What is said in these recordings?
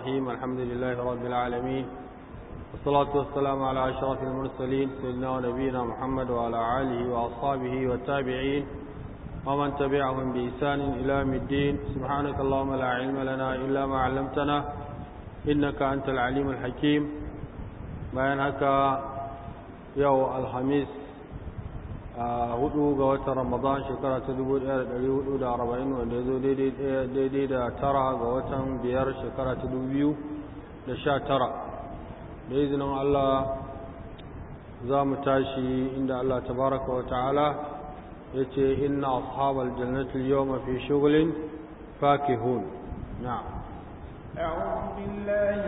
الرحيم الحمد لله رب العالمين والصلاة والسلام على أشرف المرسلين سيدنا ونبينا محمد وعلى آله وأصحابه والتابعين ومن تبعهم بإحسان إلى يوم الدين سبحانك اللهم لا علم لنا إلا ما علمتنا إنك أنت العليم الحكيم ما ينهك يوم الخميس a hudu ga watan ramadan shekara ta dubu daya da dari hudu da arba'in wanda ya zo eh, daidai da tara ga watan biyar shekara ta dubu biyu da sha tara da izinin allah za mu tashi inda allah tabaraka wa ta'ala ya ce inna ashabal jannati yau mafi shugulin faki hun na أعوذ بالله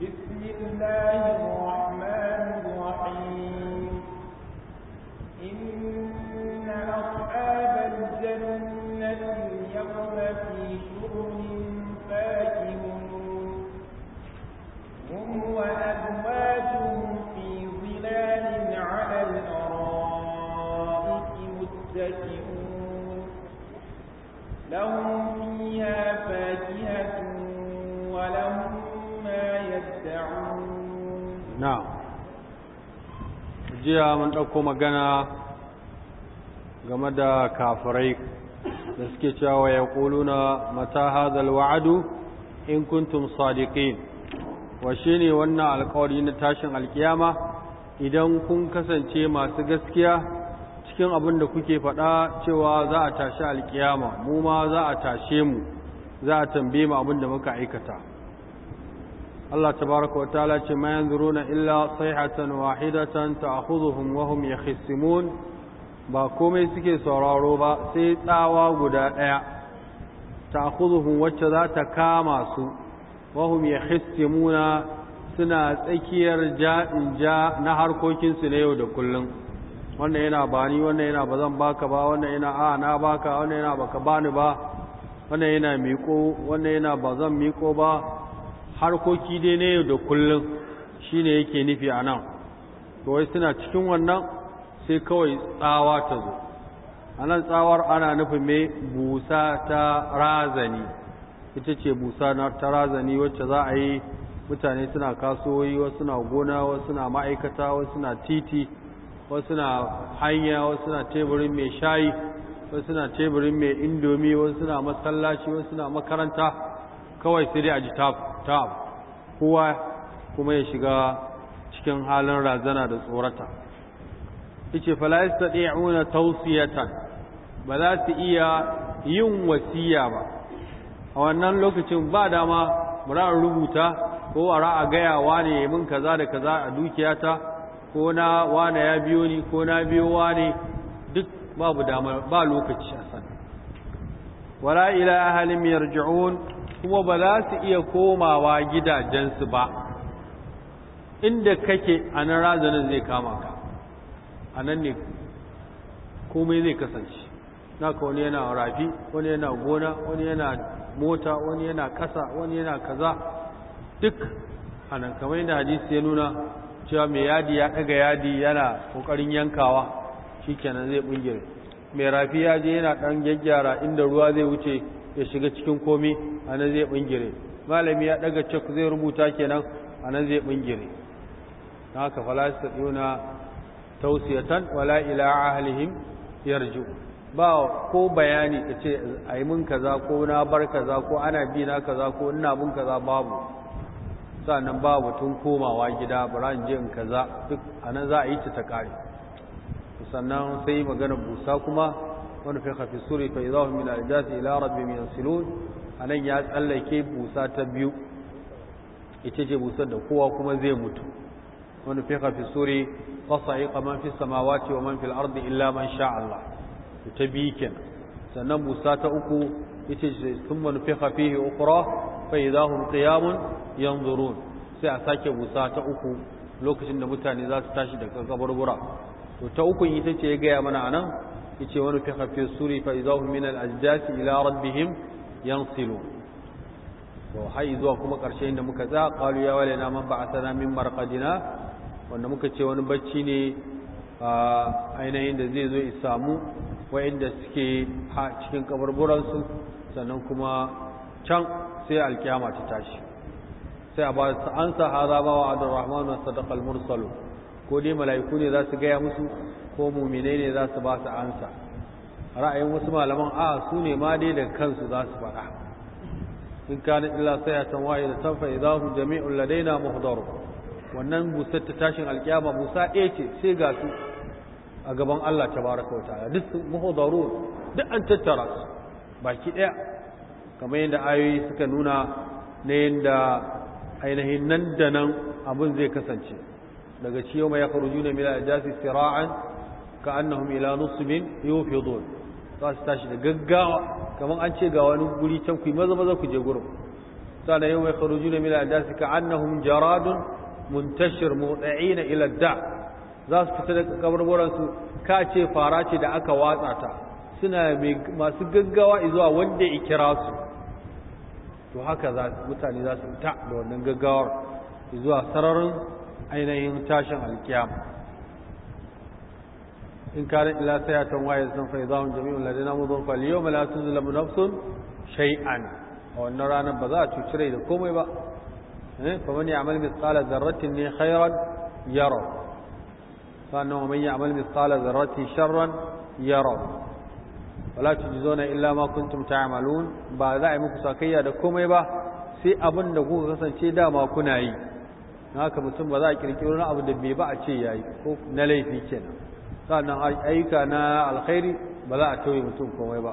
بسم الله الرحمن Jiya mun ɗauko magana game da kafirai da suke cewa ya na mata hazal wa'adu in kuntum sadiqin wa shi ne wannan alkawari na tashin alƙiyama? idan kun kasance masu gaskiya cikin abin da kuke faɗa cewa za a tashi alƙiyama, mu ma za a tashe mu za a tambaye mu abin da muka aikata Allah tabaraka wa ta'ala ce ma yanzuruna illa sayhatan wahidatan ta'khudhuhum wa hum yakhisimun ba komai suke sauraro ba sai tsawa guda ɗaya ta kuzuhun wacce za ta kama su wahum ya muna suna tsakiyar ja'in ja na harkokinsu na yau da kullum wannan yana 'Ba ni,' wannan yana ba zan baka ba wannan yana a na baka wannan yana baka bani ba wannan yana miko wannan yana ba zan miko ba harkoki dai na yau da kullum shine yake nufi a nan to wai suna cikin wannan sai kawai tsawa ta zo a nan tsawar ana nufi mai busa ta razani ita ce busa ta razani wacce za a yi mutane suna kasuwoyi wasu suna gona wasu suna ma'aikata wasu suna titi wasu suna hanya wasu suna teburin mai shayi wasu suna teburin mai indomi wasu suna masallaci wasu suna makaranta kawai sai dai a ji ta kowa kuma ya shiga cikin halin razana da tsorata yace fala yastati'una tawsiyatan ba za su iya yin wasiya ba a wannan lokacin ba dama ma rubuta ko a ra'a gaya wane mun kaza da kaza a dukiyata ko na wane ya biyo ni ko na biyo wane duk babu dama ba lokaci a san wala ila ahalin yarji'un kuma ba za su iya komawa gidajensu ba inda kake a nan razanin zai kama ka a nan ne komai zai kasance ka wani yana rafi wani yana gona wani yana mota wani yana ƙasa wani yana kaza duk a nan kamar yadda hadisi ya nuna cewa mai yadi ya ɗaga yadi yana ƙoƙarin yankawa shikenan zai bungire mai rafi ya je yana ɗan gyaggyara inda ruwa zai wuce ya shiga cikin komi a nan zai bungire malami ya ɗaga cek zai rubuta kenan a nan zai bungire na haka falasitiyuna tausiyatan wala ila ahlihim yarju ba ko bayani kace ayi ai mun kaza ko na bar kaza ko ana bi na kaza ko ina mun kaza babu sannan babu tun komawa gida bara in je in kaza duk anan za a yi ta kare sannan sai magana busa kuma wani fi hafi suri fa idza hum min al-jati ila rabbihim yansilun anan ya tsallake busa ta biyu ita ce busar da kowa kuma zai mutu ونفق في السور فصعق من في السماوات ومن في الأرض إلا من شاء الله تبيكنا سنم سات أكو ثم نفق فيه أخرى فإذا هم قيام ينظرون سأساك بسات أكو لوكس إن متان إذا ستاشد كبر برا وتأكو يتجي يجي من عنا يتجي ونفق في السور فإذا هم من الأجداس إلى ربهم ينصلون وحي إذا كما قرشين مكذا قالوا يا ولنا من بعثنا من مرقدنا wanda muka ce wani bacci ne a ainihin da zai zo isamu samu wa'inda suke a cikin kabarburansu sannan kuma can sai alkiyama ta tashi sai a ba su an sa haza ba wa adar rahman wa sadakal mursalu ko dai mala'iku ne za su gaya musu ko mumine ne za su ba su ansa ra'ayin wasu malaman a su ne ma dai da kansu za su faɗa in kana illa sayatan wa'ida tanfa idahu jami'un ladaina muhdaru wannan busar ta tashin alkiyama busa ɗaya ce sai ga su a gaban Allah ta bara wa ta'ala duk muhdarun duk an tattara su baki ɗaya kamar yadda ayoyi suka nuna na yadda ainihin nan da nan abin zai kasance daga ciyo mai juna min al jasi sira'an ka'annahum ila fi zuwa za su tashi da gaggawa kamar an ce ga wani guri can ku maza maza ku je gurin da yau mai kharujuna min al-ajasi ka'annahum jaradun muntashir mutsa'ina ila da za su fita daga kaburburan su ka ce fara ce da aka watsa ta suna masu gaggawa zuwa wanda ya kira su to haka za mutane za su fita da wannan gaggawar zuwa sararin ainihin tashin alkiyama in kana ila sayatan waye san fa idahum jami'un ladina mudun fal yawma la nafsun shay'an a wannan ranar ba za a cuci rai da komai ba فمن يعمل مثقال ذرة خيرا يرى فأنه من يعمل مثقال ذرة شرا يرى ولا تجزون ba ما كنتم تعملون بعد ذلك ساكيا دكم يبا sai abin da kuka kasance dama kuna yi na haka mutum ba za a kirkiro na abu da bai ba a ce ya yi ko na laifi kenan sannan ayyuka na alkhairi ba za a tauye mutum komai ba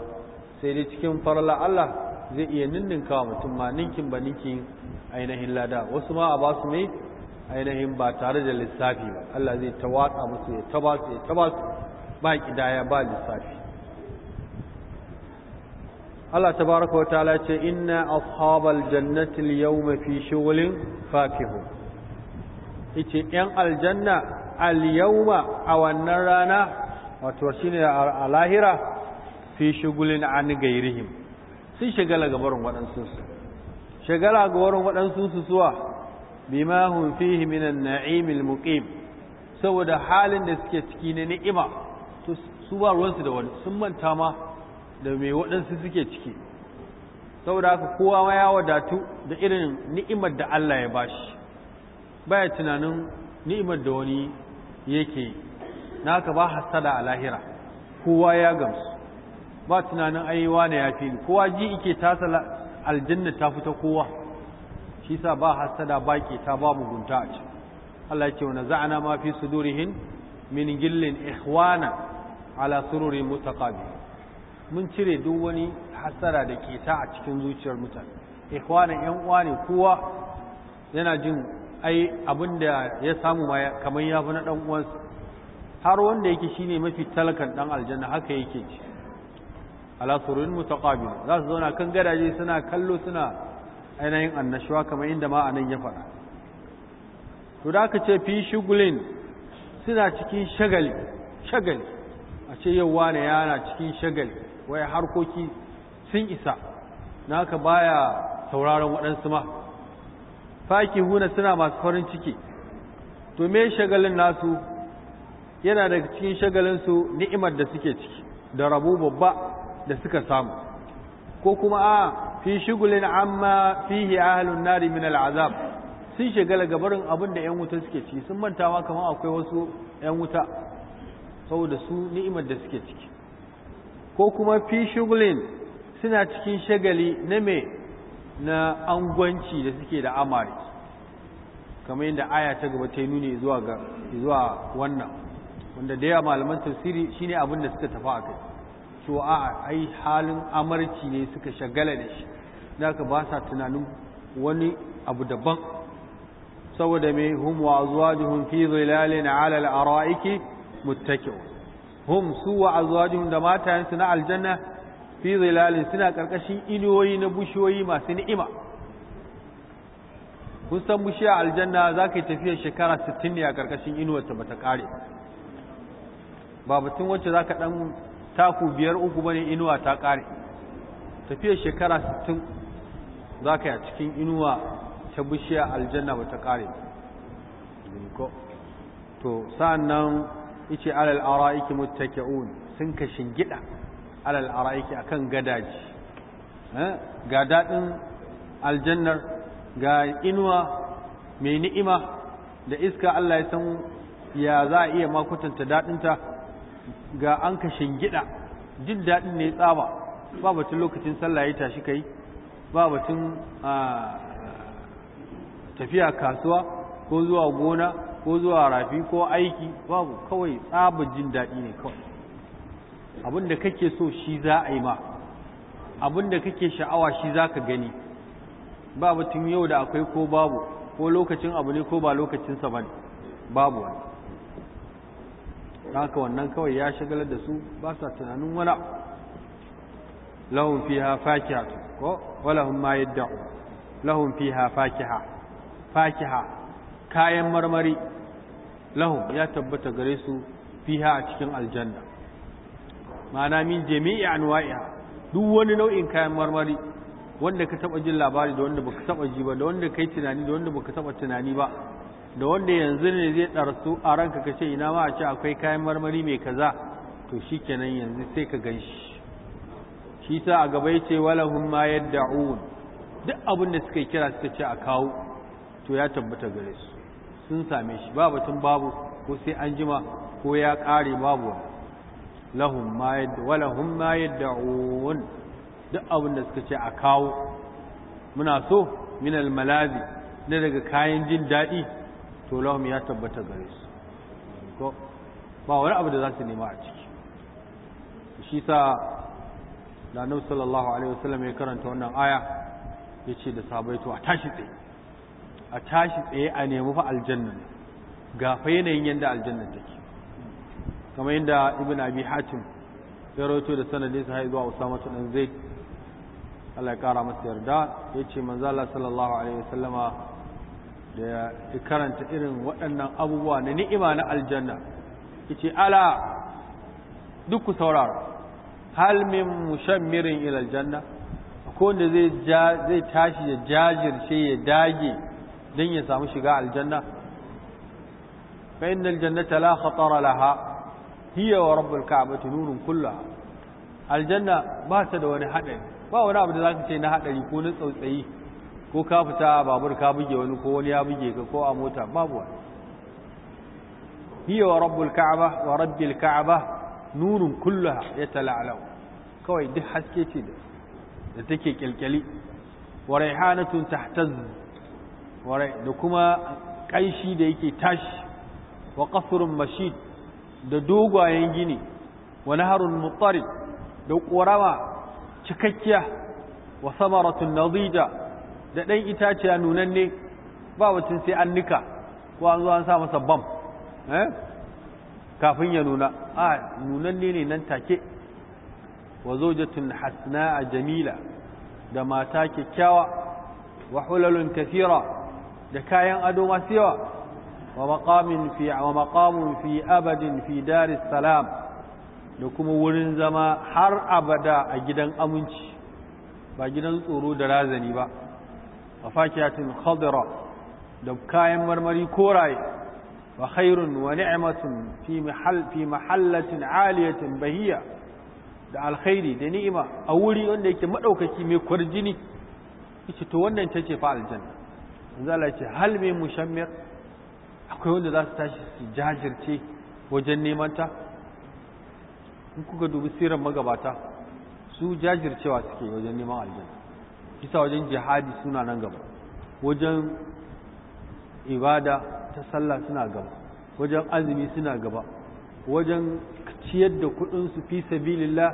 sai dai cikin farla Allah zai iya ninninka mutum ma ninkin ba ninkin ainihin lada wasu ma a ba su ne ainihin ba tare da lissafi ba Allah zai ta watsa musu ya ta basu ya ta basu ba kidaya ba lissafi Allah tabaraka wata ala ce inna ashabal jannati al-yawma fi shughlin fakihun yan aljanna al-yawma a wannan rana wato shine a lahira fi shigulin an gairihim sun shiga lagabarin waɗansu su shagala ga wurin waɗansu su suwa bima fihi minan na'imil muqim saboda halin da suke ciki na ni'ima to su ba ruwansu da wani sun manta ma da mai waɗansu suke ciki saboda haka kowa ma ya wadatu da irin ni'imar da Allah ya bashi baya tunanin ni'imar da wani yake na haka ba hasada a lahira kowa ya gamsu ba tunanin ai wane ya fi kowa ji ike tasa aljanna ta fita kowa shi sa ba hasada ba ta ba mugunta a ci Allah ce wani za'ana ma fi sudurihin min gillin ikhwana ala sururi mutaqabi mun cire duk wani hasara da ke ta a cikin zuciyar mutane ikhwana yan uwa ne kowa yana jin ai abin da ya samu ma kamar ya fi na dan uwansa har wanda yake shine mafi talakan dan aljanna haka yake ci ala sururin mutaqabil za su zauna kan gadaje suna kallo suna ainihin annashuwa kamar inda ma anan ya faɗa to da aka ce fi shugulin suna cikin shagali shagali a ce yawa ne yana cikin shagali wai harkoki sun isa naka baya sauraron waɗansu ma faki huna suna masu farin ciki to me shagalin nasu yana daga cikin shagalinsu ni'imar da suke ciki da rabu babba da suka samu ko kuma a fi shugulin amma fihi ahlun nari min al'azab sun shigala gabarin abin da 'yan wuta suke ciki sun mantawa kamar akwai wasu 'yan wuta saboda su ni'imar da suke ciki ko kuma fi shugulin suna cikin shagali na me na angwanci da suke da amari kamar yadda aya ta gaba ta zuwa ga zuwa wannan wanda da yawa malaman tafsiri shine abin da suka tafi a kai to a ai halin amarci ne suka shagala da shi da ka ba sa tunanin wani abu daban saboda mai hum wa azwajuhum fi zilalin ala al-ara'iki muttaki'un hum su wa azwajuhum da matayensu na aljanna fi zilalin suna karkashin inuwoyi na bushiyoyi masu ni'ima kun san bushiya aljanna za ka yi tafiyar shekara 60 ne a karkashin inuwarta ba ta kare ba batun wacce za ka ɗan taku biyar uku bane inuwa ta ƙare Tafiya shekara 60 za ka yi a cikin inuwa ta bishiya aljanna ba ta ƙare to sa'an nan ice alal ara'iki muttaki'un sun ka shingida alal ara'iki akan gadaji eh? ga daɗin aljannar ga inuwa mai ni'ima da iska Allah ya san ya za a iya makutanta daɗinta ga an ka shingida jin daɗin ne tsaba ba batun lokacin sallah ya tashi kai ba batun tafiya kasuwa ko zuwa gona ko zuwa rafi ko aiki babu kawai tsaba jin daɗi ne kawai abin da kake so shi za a yi ma abin da kake sha'awa shi za ka gani ba batun yau da akwai ko babu ko lokacin abu ne ko ba lokacinsa ba ne babu wani haka wannan kawai ya shagalar da su ba sa tunanin wala Lahun fiha fakiha ko wala hum ma yad'u lahun fiha fakiha fakiha kayan marmari lahun ya tabbata gare su fiha a cikin aljanna ma'ana min jami'i anwa'iha duk wani nau'in kayan marmari wanda ka taba jin labari da wanda baka taba ji ba da wanda kai tunani da wanda baka taba tunani ba da wanda yanzu ne zai ɗarsu a ranka ka ce ina ma a ce akwai kayan marmari mai kaza to shi kenan yanzu sai ka gan shi shi sa a gaba ya ce walahun ma yadda duk abin da suka kira suka ce a kawo to ya tabbata gare su sun same shi ba batun babu ko sai an jima ko ya ƙare babu lahun ma yadda walahun ma duk abin da suka ce a kawo muna so minal malazi na daga kayan jin daɗi to lahum ya tabbata gare su ko ba wani abu da za su nema a ciki shi sa da annabi sallallahu alaihi wasallam ya karanta wannan aya yace da sabai to a tashi tsaye a tashi tsaye a nemi fa aljanna ga fa yanayin yanda aljanna take kamar yadda ibn abi hatim ya rawaito da sanadin sa zuwa usama dan zaid Allah ya kara masa yarda yace manzo Allah sallallahu alaihi wasallama da ya karanta irin waɗannan abubuwa na ni'ima na aljanna yace ala duk ku saurara hal min mushammirin ila aljanna ko wanda zai zai tashi ya jajirce ya dage don ya samu shiga aljanna fa innal jannata la khatara laha hiya wa rabbul ka'bati nurun kullaha aljanna ba ta da wani hadari ba wani abu da zaka ce na hadari ko na tsautsayi ko ka fita babur ka buge wani ko wani ya buge ka ko a mota babu wani hiya wa rabbul ka'aba wa rabbil ka'aba nurun kulluha tala'alau kawai duk haske ce da take kyalkyali wa raihanatun tahtaz da kuma kanshi da yake tashi wa qasrun mashid da dogayen gini wa naharun muttarid da ƙorama cikakkiya wa samaratun nadida da ɗan itaciya nunanne ba wacin sai an nika ko an zo an sa masa bam eh, kafin ya nuna a nunanne ne nan take wa zawjatun hasna jamila da mata kyakkyawa wa hulalun da kayan ado masu yawa wa maƙamin fi fi abadin fi daris salam da kuma wurin zama har abada a gidan aminci ba gidan tsoro da razani ba wa fakiyatin khadira da kayan marmari koraye wa khairun wa ni'matun fi mahall fi bahiya da alkhairi da ni'ima a wuri wanda yake madaukaki mai kwarjini yace to wannan tace fa aljanna yanzu Allah yace hal mai mushammir akwai wanda za su tashi su jajirce wajen neman ta in kuka dubi sirar magabata su jajircewa suke wajen neman aljanna kisa wajen jihadi suna nan gaba wajen ibada ta sallah suna gaba wajen azumi suna gaba wajen ciyar da kudinsu fi sabilillah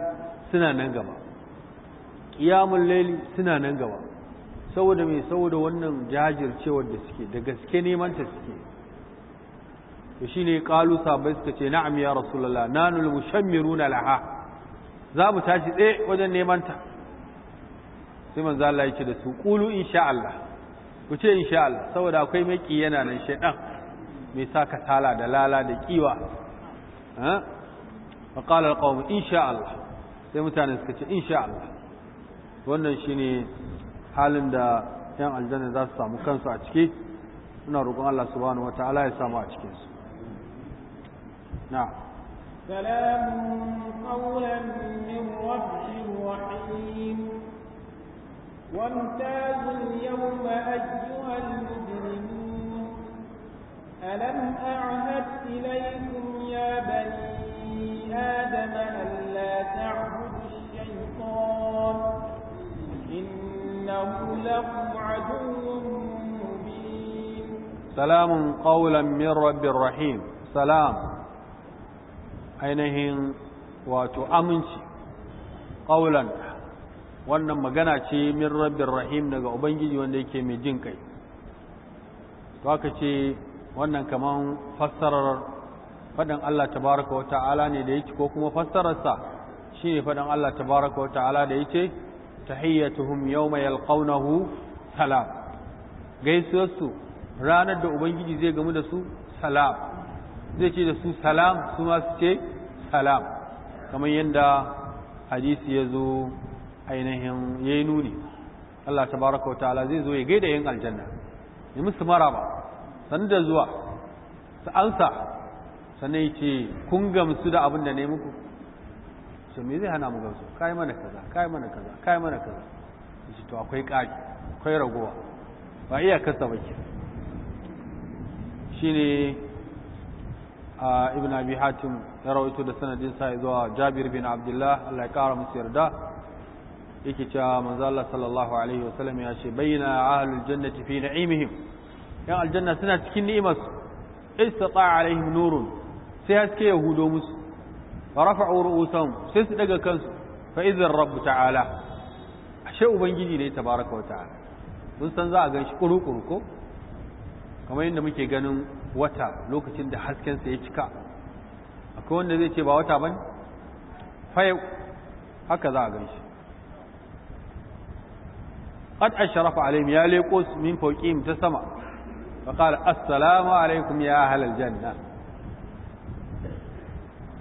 suna nan gaba ƙiyamun laili suna nan gaba saboda mai saboda wannan jajircewar da suke da gaske neman ta suke to shine qalu sabai suka ce na'am ya rasulullah nanul mushammiruna laha za mu tashi tsaye wajen neman ta sai manzo Allah yake da su qulu insha Allah ku ce insha Allah saboda akwai mai yana nan shedan mai saka tala da lala da kiwa ha fa qala alqawm insha Allah sai mutane suka ce insha Allah wannan shine halin da yan aljanna za su samu kansu a ciki ina roƙon Allah subhanahu wataala ya samu a cikin su na سلام قولا من رب رحيم وامتازوا اليوم أيها المجرمون ألم أعهد إليكم يا بني آدم ألا تعبدوا الشيطان إنه لكم عدو مبين سلام قولا من رب الرحيم سلام أينهن وتؤمنش قولا wannan magana ce min rabbin rahim daga ubangiji wanda yake mai jin kai to aka ce wannan kaman fassarar faɗin Allah tabaraka wa ta'ala ne da yake ko kuma fassararsa shine faɗin Allah tabaraka wa ta'ala da yake tahiyyatuhum yawma yalqawnahu salam gaisuwarsu ranar da ubangiji zai gamu da su salam zai ce da su salam su ma su ce salam kamar yadda hadisi ya zo ainihin yayi nuni Allah baraka wa ta'ala zai zo ya gaida yin aljanna ya musu maraba san da zuwa su ansa sannan ya ce kun gamsu da abin da ne muku su me zai hana mu gamsu kai mana kaza kai mana kaza kai mana kaza shi to akwai ƙari akwai ragowa ba iya kasa ba ke shine a ibn abi hatim ya rawaito da sanadin sa zuwa jabir bin abdullah Allah ya kara musu yarda yake cewa manzo Allah sallallahu alaihi wasallam ya ce bayyana ahlul jannati fi na'imihim yan aljanna suna cikin ni'imar istata alaihim nurun sai haske ya hudo musu wa rafa'u ru'usahum sai su daga kansu fa Rabbu rabb ta'ala ashe ubangiji ne tabaaraka wa ta'ala mun san za a ganshi kurukuru ko kamar yadda muke ganin wata lokacin da hasken sa ya cika akwai wanda zai ce ba wata bane fa haka za a ganshi. a ashrafa alaihim ya leko su min fawqihim ta sama fa qala assalamu alaikum ya ahlal janna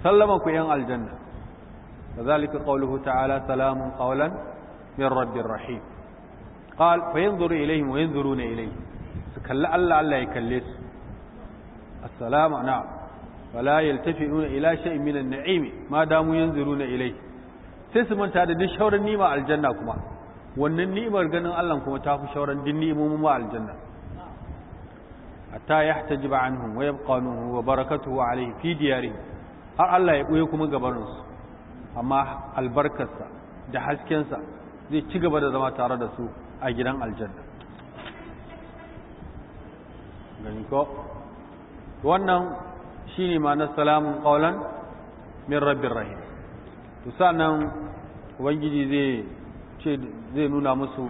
sallama ku yan aljanna kazalika qawluhu ta'ala salamun min rahim قال فينظر إليهم وينظرون إليه سكل الله الله يكلس السلام نعم فلا يلتفئون إلى شيء من النعيم ما داموا ينظرون إليه sai su manta da duk shaurin nima aljanna kuma wannan ni'imar ganin Allah kuma ta fi shauran din ni'imomin ma aljanna hatta yahtajiba anhum wa yabqa nuhu wa barakatuhu alayhi fi diyarihim har Allah ya koye kuma gabanin su amma albarkarsa da haskensa zai ci gaba da zama tare da su a gidan aljanna gani ko wannan shine ma'anar salamun qawlan min rabbir rahim to sanan ubangiji zai ce zai nuna musu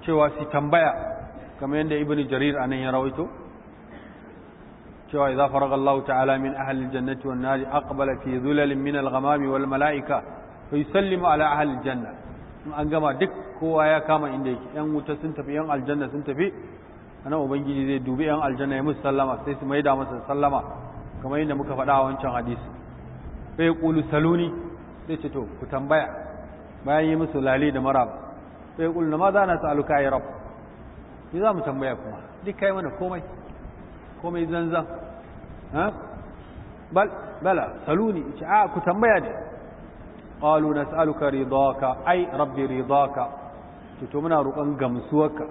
cewa su tambaya kamar yadda ibn jarir a nan ya rawaito cewa za faraga Allah ta'ala min ahalin jannati wa nari aqbala fi zulalin min al-ghamami wal mala'ika fa yusallimu ala ahli janna an gama duk kowa ya kama inda yake yan wuta sun tafi yan aljanna sun tafi ana ubangiji zai dubi yan aljanna ya musu sallama sai su maida masa sallama kamar yadda muka faɗa a wancan hadisi ya ƙulu saluni sai ce to ku tambaya bayan yi musu lali da maraba sai ya kulna ma za na sa'aluka ya rab ni za mu tambaya kuma duk kai mana komai komai zanzan bal bala saluni ce a ku tambaya ne ka nas'aluka ridaka ai rabbi ridaka ka tuto muna roƙon gamsuwarka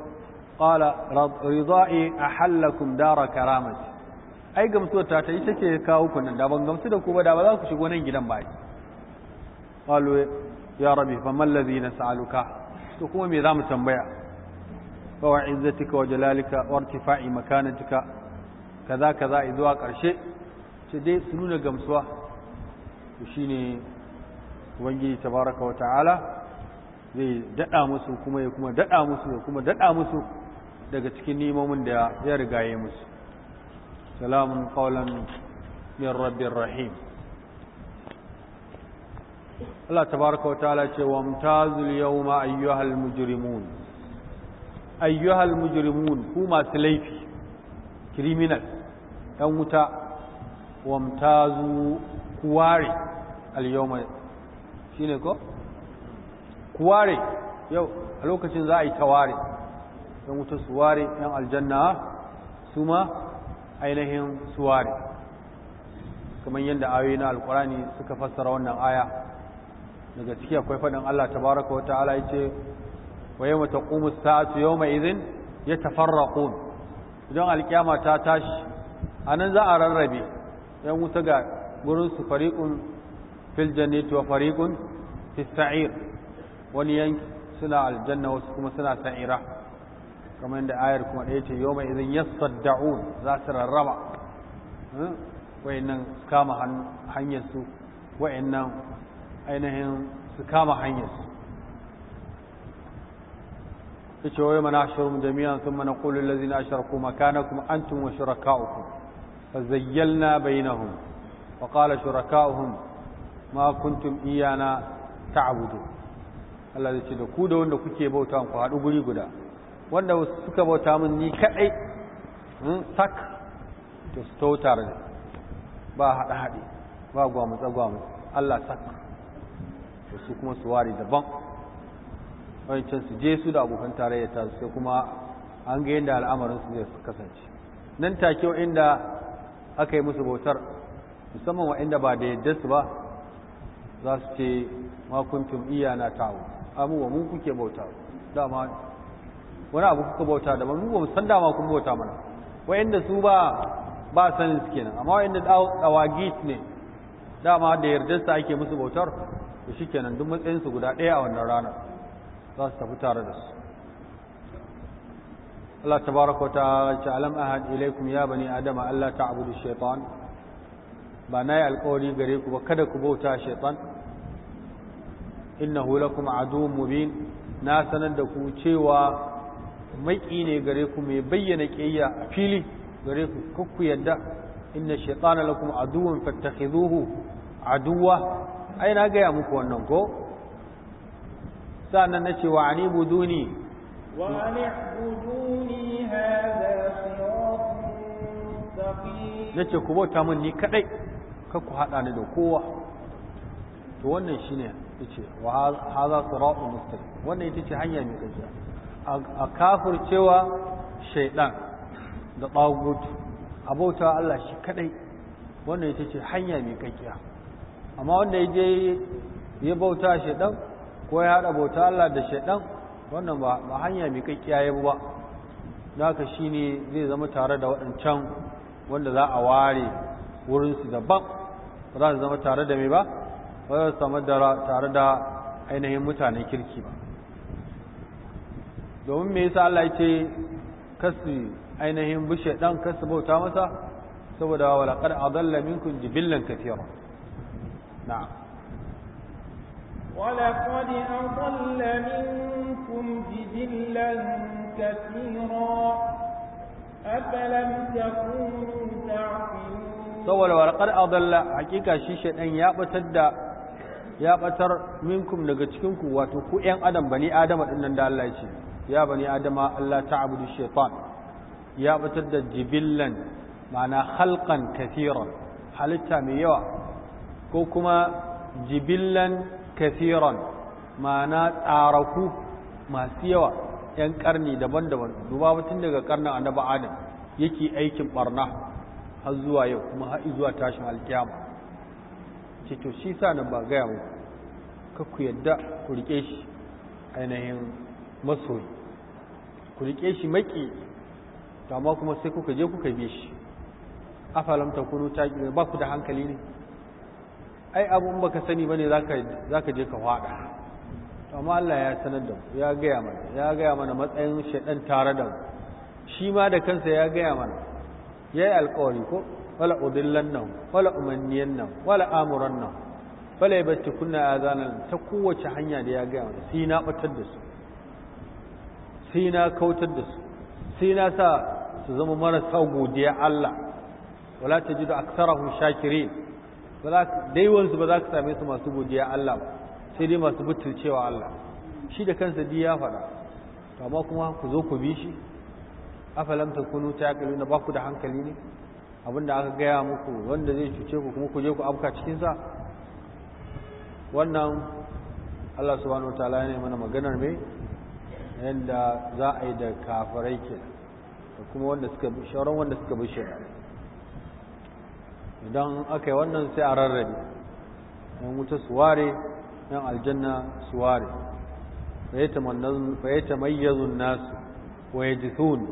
qala a hallakun dara karamati ai gamsuwar ta ta yi take kawo kunan da ban gamsu da ku ba da ba za ku shigo nan gidan ba ƙalu ya rabi fa mallazi nas'aluka to kuma me zamu tambaya fa wa izzatika wa jalalika wa irtifa'i makanatika kaza kaza zuwa karshe ce dai su nuna gamsuwa to shine ubangiji tabaraka wa ta'ala zai dada musu kuma ya kuma dada musu ya kuma dada musu daga cikin nimomin da ya rigaye musu salamun qawlan min rabbir rahim Allah tabaraka wa ta'ala ce wa mutazul yawma ayyuhal mujrimun ayyuhal mujrimun ku masu laifi criminal ɗan wuta wa mutazu kuware al yawma shine ko kuware yau a lokacin za a yi taware ɗan wuta suware ɗan aljanna su ma ainihin suware kamar yadda ayoyi na alkurani suka fassara wannan aya daga ciki akwai faɗin Allah tabaraka wa ta'ala yace wa yawma taqumu as-sa'atu yawma idhin yatafarraqun don alƙyama ta tashi A nan za a rarrabe yan wuta ga gurin su fariƙun fil wa fariƙun wani yanki suna aljanna wasu kuma suna sa'ira kamar yadda ayar kuma ɗaya ce izin ya yasadda'un za su rarraba hmm? wayannan kama hanyar su ainihin su kama hanyar su, ce wai mana ashirin jami'an sun mana kulun lazina kuma an tun wa shuraka'ukum na zayyalna hun wa qala shuraka'uhum ma na iyana abudu Allah zai ce da ku da wanda kuke bauta ku haɗu guri guda wanda suka bauta min ni kaɗai sak hmm, to su ba haɗe-haɗe ba gwamutsa-gwamutsa Allah sak da su kuma su ware daban wancan su je su da abokan tarayya ta sai kuma an ga yadda al'amarin su zai kasance nan take inda aka yi musu bautar musamman wa'inda ba da yadda su ba za su ce makuntum iya na tawo amu wa mun kuke bauta dama wani abu kuka bauta da mu ba mu san dama kun bauta mana wa'inda su ba ba sanin su kenan amma wa'inda dawagit ne dama da yardarsa ake musu bautar to kenan duk matsayin su guda ɗaya a wannan ranar za su tafi tare da su Allah tabaraka wa ta'ala ce alam ahad ilaikum ya bani adama Allah ta'budu shaytan ba nayi alƙawari gare ku ba kada ku bauta shaytan innahu lakum aduwwun mubin na sanar da ku cewa maki ne gare ku mai bayyana kiyya a fili gare ku kakku yadda inna shaytana lakum aduwwun fattakhiduhu aduwa ai na gaya muku wannan ko sa'annan nace wa ani buduni wa ani buduni hadha siratun nace ku bauta min ni kadai kar ku hada ni da kowa to wannan shine yace wa hada siratun mustaqim wannan ita ce hanya mai gajiya. a kafircewa shaydan da tsagutu a bauta Allah shi kadai wannan ita ce hanya mai gajiya. amma wanda ya je ya bauta shaidan ko ya haɗa bauta Allah da shaidan wannan ba hanya mai kakkiya ya ba da haka ne zai zama tare da waɗancan wanda za a ware wurinsu daban ba za su zama tare da mai ba ba za su samu tare da ainihin mutanen kirki ba domin mai yasa Allah ya ce kasu ainihin bushe ɗan kasu bauta masa saboda walaqad adalla minkun jibillan kafiyar نعم ولقد أضل منكم جبلا كثيرا أفلم تكونوا تعقلون saboda warkar adalla hakika shi shaɗan ya batar da ya batar minkum daga cikinku wato ku ‘yan adam bani adama ɗin nan da Allah ya ce ya bani adama Allah ta da shaitan ya batar da jibillan ma'ana halkan kathiran halitta mai yawa ko kuma jibillan kathiran ma'ana tsaraku masu yawa 'yan karni daban-daban duba mutum daga karnin annabi adam yake aikin barna har zuwa yau kuma har zuwa tashin alkiyama ce to shi sa nan ba gaya muku ka ku yadda ku rike shi ainihin masoyi ku rike shi maki kama kuma sai kuka je kuka bi shi afalamta kuno ta ba ku da hankali ne ai abun baka sani bane zaka je ka faɗa amma Allah ya sanar da mu ya gaya mana ya gaya mana matsayin shedan tare da mu shi ma da kansa ya gaya mana yayi alƙawari ko wala udillannahu wala umanniyannahu wala amurannahu wala kunna azanan ta kowace hanya da ya gaya mana sai na batar da su sai na kautar da su sai na sa su zama marasa godiya Allah wala tajidu aktharahum shakirin ba za daiwansu ba za ka same su masu godiya Allah ba sai dai masu butulcewa Allah shi da kansa di ya faɗa to amma kuma ku zo ku bi shi afalam takunu taqiluna ba ku da hankali ne abinda aka gaya muku wanda zai cuce ku kuma ku je ku afka cikin sa wannan Allah subhanahu wataala yana mana maganar mai yanda za a yi da kafirai kenan da kuma wanda suka bi shauran wanda suka bi shari'a idan aka yi wannan sai a rarrabe yan wuta su ware yan aljanna su ware fa ta mayyazun nasu waye ya ne.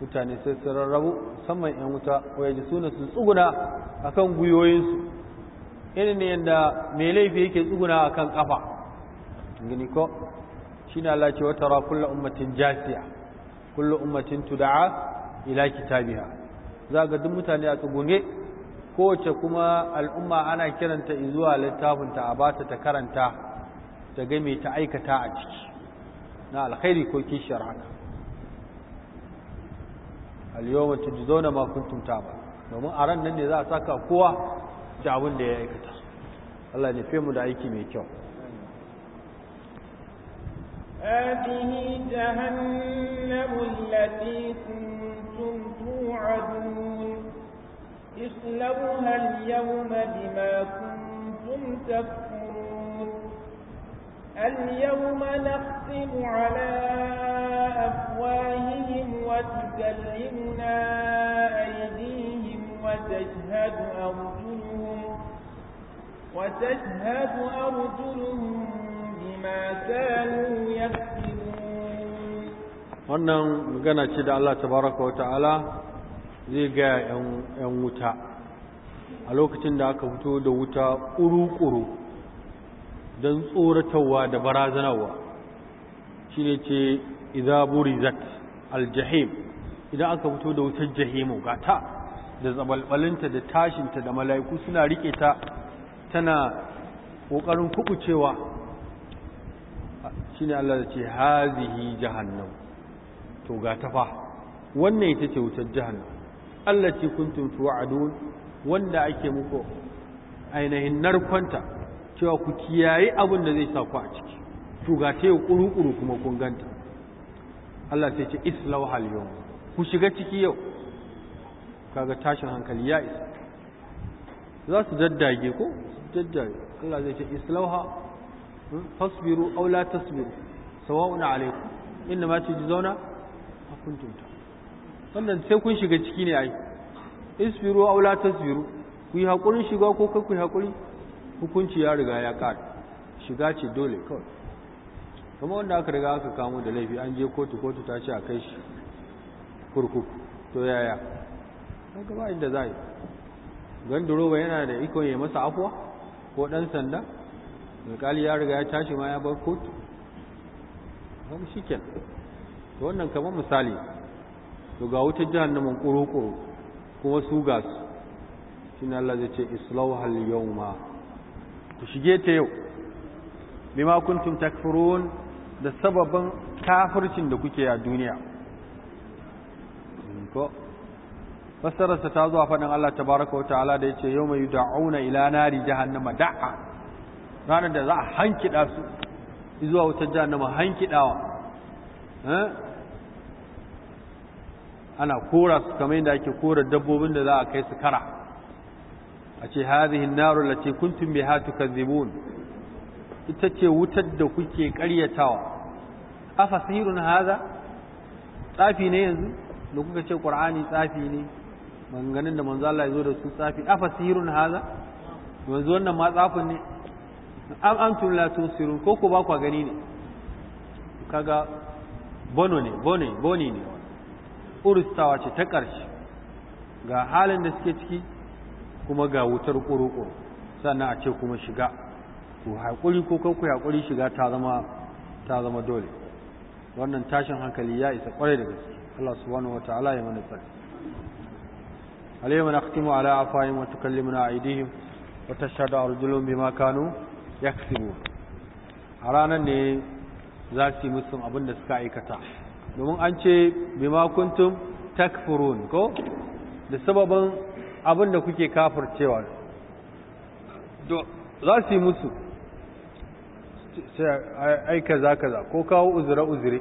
mutane sai su rarrabu musamman yan wuta waye ji suna su tsuguna a kan gwiwoyinsu irin ne yadda mai laifi yake tsuguna a kan ƙafa gini ko shi na lace wata ra kulla ummatin jasiya kulla ummatin tuda'a ila kitabiya za ga duk mutane a tsugunge kowace kuma al'umma ana kiranta zuwa littafinta a bata ta karanta ta game ta aikata a ciki na alkhairi ko kishiyar haka ta ji zaune ma kuntum ba, domin a ran nan ne za a saka kowa da abin da ya aikata Allah ne mu da aiki mai kyau هذه جهنم التي كنتم توعدون اصلوها اليوم بما كنتم تكفرون اليوم نختم على أفواههم وتكلمنا أيديهم وتشهد أرجلهم وتشهد أرجلهم بما كانوا يكسبون wannan magana ce da Allah tabaraka wa ta'ala zai gaya 'yan wuta a lokacin da aka fito da wuta ƙuru-ƙuru don tsoratawa da barazanarwa shi ne ce izaburi zat aljahim idan aka fito da wutar jahimu gata da zabalbalinta da tashinta da mala'iku suna rike ta tana ƙoƙarin kukucewa shi ne allah da ce hazihi jahannan. to gata fa wannan ita ce wutar jahannan. allati kuntum tu'adun wanda ake muku ainihin narkonta cewa ku kiyaye abin da zai sa ku a ciki to ga ta kuma kun ganta Allah sai ce islau hal yau ku shiga ciki yau kaga tashin hankali ya isa za su daddage ko su daddage Allah zai ce islauha hmm? fasbiru aw la tasbiru sawa'un alaykum inna ma tujzauna ma kuntum wannan sai kun shiga ciki ne ai isfiru aw la tasfiru ku yi hakurin shiga ko kar ku yi hakuri hukunci ya riga ya kada shiga ce dole kawai kuma wanda aka riga aka kamo da laifi an je kotu kotu ta ce a kai shi kurkuku to yaya kaga gaba inda za yi ganduro ba yana da ikon ya masa afuwa ko dan sanda alƙali ya riga ya tashi ma ya bar kotu kuma shi to wannan kamar misali to ga wutar jahannamin ƙuruƙuru kuma su ga su shi na Allah zai ce islauhal yau ma ku shige ta yau bima kuntum takfurun da sababin kafircin da kuke a duniya hmm, ko fassararsa ta zuwa faɗin Allah Ta baraka wa ta'ala da ya ce yau mai da'auna ila nari jahannama da'a ranar da za a hankida su zuwa wutar jahannama hankidawa eh? ana kora su kamar yadda ake kora dabbobin da za a kai su kara a ce hazihi an-naru allati kuntum biha tukadhibun ita ce wutar da kuke ƙaryatawa afa sihirun haza? tsafi ne yanzu da kuka ce qur'ani tsafi ne manganin da manzo Allah ya zo da su tsafi afa sihirun haza? yanzu wannan ma tsafin ne am antum la tusirun ko ku ba ku gani ne kaga bono ne bone boni ne ƙuristawa ce ta ƙarshe ga halin da suke ciki kuma ga wutar ƙuruƙuru sannan a ce kuma shiga ku haƙuri ko kanku haƙuri shiga ta zama dole wannan tashin hankali ya isa ƙwarai da gaske Allah subhanahu wata'ala ya mana tsari اليوم نختم على أفاهم wata أيديهم وتشهد أرجلهم بما كانوا يكسبون a ranar ne za su yi musu abin da suka aikata domin an ce bima kuntum takfurun ko da sababin abin da kuke kafircewa za su yi musu ai kaza kaza ko kawo uzura uzure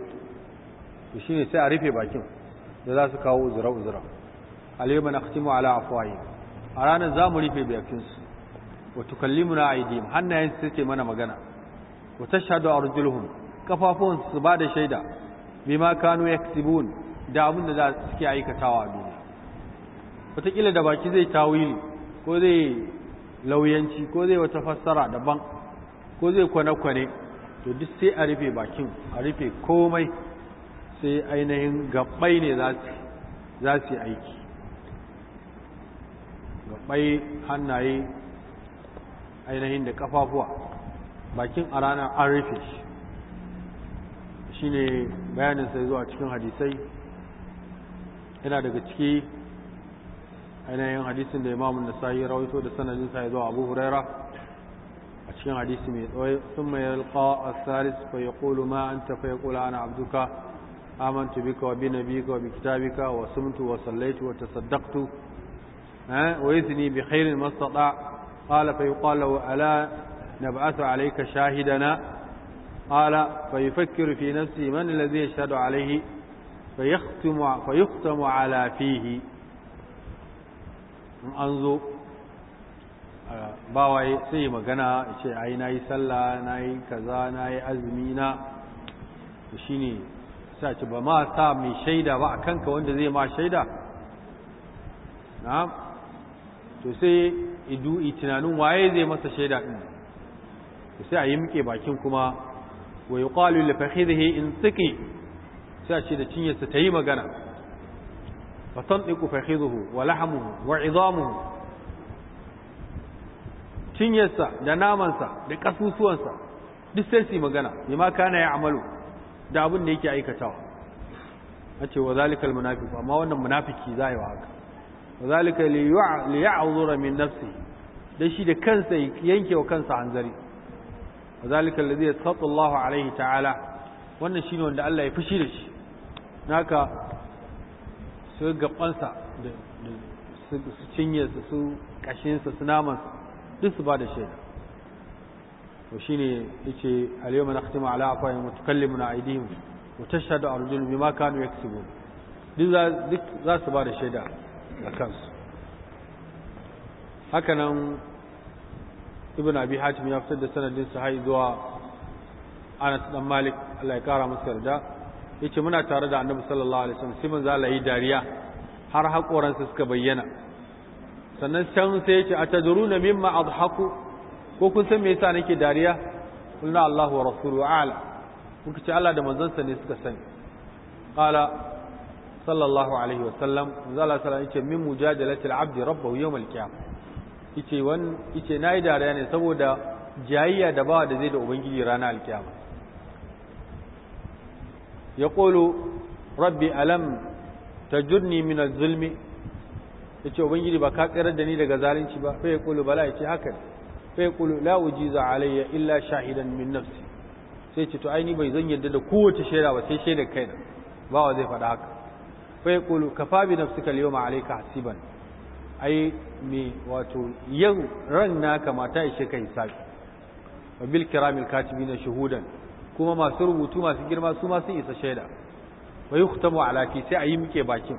shi ne sai a rufe bakin da za su kawo uzura uzura alayhi na khatimu ala afwahi a ranar za mu rufe bakinsu wa tukallimuna aydihim hannayen su ce mana magana wa tashhadu arjuluhum kafafuwan su ba da shaida bima kanu yaksibun da abin da za suke aikatawa a duniya wataƙila da baki zai tawili ko zai lauyanci ko zai wata fassara daban ko zai kwane-kwane to duk sai a rufe bakin a rufe komai sai ainihin gabbai ne za su yi aiki gabbai hannaye ainihin da kafafuwa bakin a ranar an rufe shi shine bayanin sai zuwa cikin hadisai yana daga ciki ainihin hadisin da imamun da nasa'i rawaito da sanadin sa zuwa abu huraira a cikin hadisi mai tsawai sun mai yalqa a salis fa ya yaqulu ma an tafa ya yaqulu ana abduka amantu bika wa bi nabika wa bi kitabika wa sumtu wa sallaitu wa tasaddaqtu eh, wa yathni bi khairin mastata qala fa yuqalu ala nab'athu alayka shahidana Ala. فيفكر في نفسه من الذي يشهد in an zo bawaye sai magana ya ce ai na yi sallah na yi kaza na yi azumi na shi ne sa ci ba ma sa mai shaida ba a kanka wanda zai ma shaida na to sai idu waye zai masa shaida ɗin sai a yi muke bakin kuma wa yuqalu li fakhidhihi in suke sai ce da cinyarsa ta yi magana fa tanṭiqu fakhidhuhu wa lahmuhu wa Cinye cinyarsa da namansa da ƙasusuwansa duk sai su magana ma kana amalu da abin da yake aikatawa ce wa zalikal munafiq amma wannan munafiki yi wa haka wa zalika ya auzura min nafsi dan shi da kansa yanke wa kansa hanzari zalika allazi yasqatu Allahu alaihi ta'ala wannan shine wanda Allah ya fushi da shi naka su gabansa da su cinye su su kashin su naman duk su bada shaida to shine yace al-yawma nakhtimu ala afwahihim wa tukallimuna aydihim wa tashhadu arjuluhum bima kanu yaksubun duk za su bada shaida a kansu hakanan ibn abi hatim ya fitar da sanadin sahai zuwa anas dan malik Allah ya kara masa yarda yace muna tare da annabi sallallahu alaihi wasallam sai manzo Allah yi dariya har hakoransa suka bayyana sannan can sai yace atadruna mimma adhaku ko kun san me yasa nake dariya qulna Allah wa rasuluhu a'la kuka ce Allah da manzansa ne suka sani qala sallallahu alaihi wasallam manzo Allah sallallahu alaihi wasallam yace min mujadalatil abdi rabbahu yawm al-qiyamah ice wan ice nayi dariya ne saboda jayayya da ba da zai da ubangiji rana alkiyama yaqulu rabbi alam tajurni min azzulmi zulmi yace ubangiji ba ka karar da ni daga zalunci ba fa yaqulu bala yace haka fa yaqulu la ujiza alayya illa shahidan min nafsi sai ce to ai ni bai zan yarda da kowace shaida ba sai shaidar kaina wa zai faɗa haka fa yaqulu kafa bi nafsika al-yawma alayka hasiban ai me wato yau ran naka mata ishe kai sai wa bil kiramil katibina shuhudan kuma masu rubutu masu girma su ma sun isa shaida wa yukhtamu ala ki sai ayi muke bakin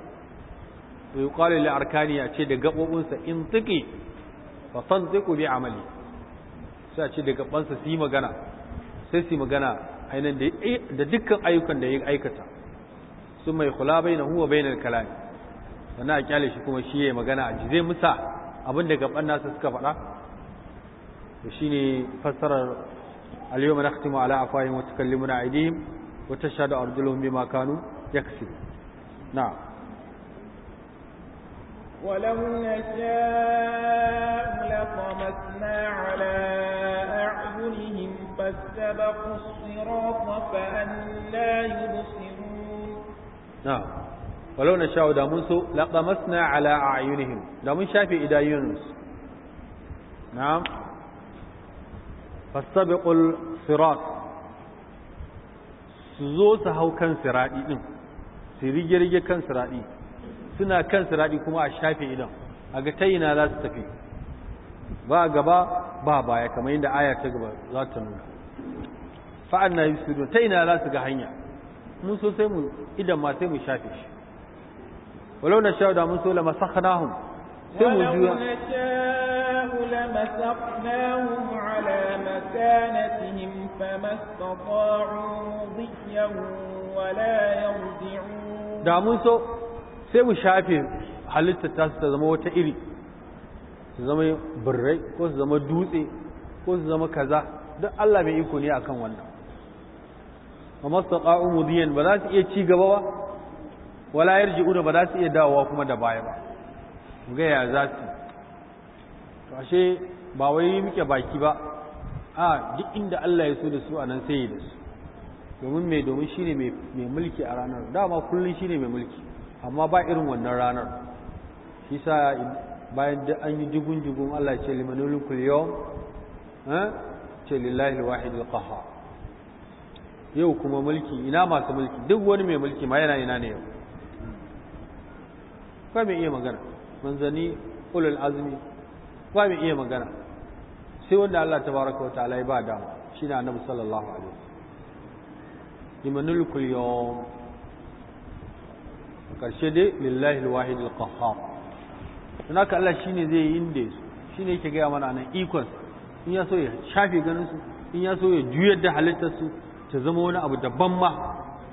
wa yuqalu lil arkani ya ce da gabobin sa in tiki fa tantiqu bi amali sai ce da gaban sa su yi magana sai su magana ainihin da dukkan ayyukan da ya aikata sun mai kula huwa bainal kalami sannan a kyale shi kuma shi ya magana a ji musa abin da gaban nasu suka faɗa shi ne fassarar Aliyu al-yawma nakhtimu ala afwahihim wa wata aydihim wa tashhadu arjuluhum bima kanu yaksibun na'am ولو نشاء لطمسنا على أعينهم فاستبقوا الصراط فأنا يبصرون نعم walau na sha da mun so na ala ayyunihim da mun shafe Na na'am fastabiqul sirat su zo su hau kan siraɗi ɗin, su rige-rige kan siraɗi suna kan siraɗi kuma a shafe idan a ga tayina za su tafi ba gaba ba baya kamar yadda aya ta gaba za ta nuna fa'an na yi su ta ina za su ga hanya mun so sai mu idan ma sai mu shafe shi ولو نشاء دا da mun so la masakhnahum sai mu على مكانتهم فما استطاعوا ضيا ولا يرجعون da من سو sai mu shafe halittar ta wata iri su zama birrai ko zama dutse ko zama kaza duk Allah mai iko ne akan wannan amma su ƙa'u mudiyan ba za su iya ci gaba ba wala yarji'una ba za su iya dawowa kuma da baya ba mu ga ya za su to ashe ba wai muke baki ba a duk inda Allah ya so da su anan sai da su domin mai domin shine mai mulki a ranar dama kullun shine mai mulki amma ba irin wannan ranar shi sa bayan da an yi jigun jigun Allah ce limanul kulyawm ce lillahi alwahid alqahhar yau kuma mulki ina masu mulki duk wani mai mulki ma yana ina ne yau ba mai iya magana manzanni ulul azmi ba mai iya magana sai wanda Allah ta wa ta'ala ya ba dama na annabi sallallahu alaihi wasallam limanul kulyum karshe dai lillahi alwahid alqahhar don haka Allah shine zai yi inda su shine yake gaya mana nan ikon in ya so ya shafe ganin su in ya so ya juyar da halittar su ta zama wani abu daban ma